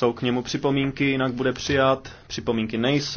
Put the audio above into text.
Jsou k němu připomínky, jinak bude přijat. Připomínky nejsou.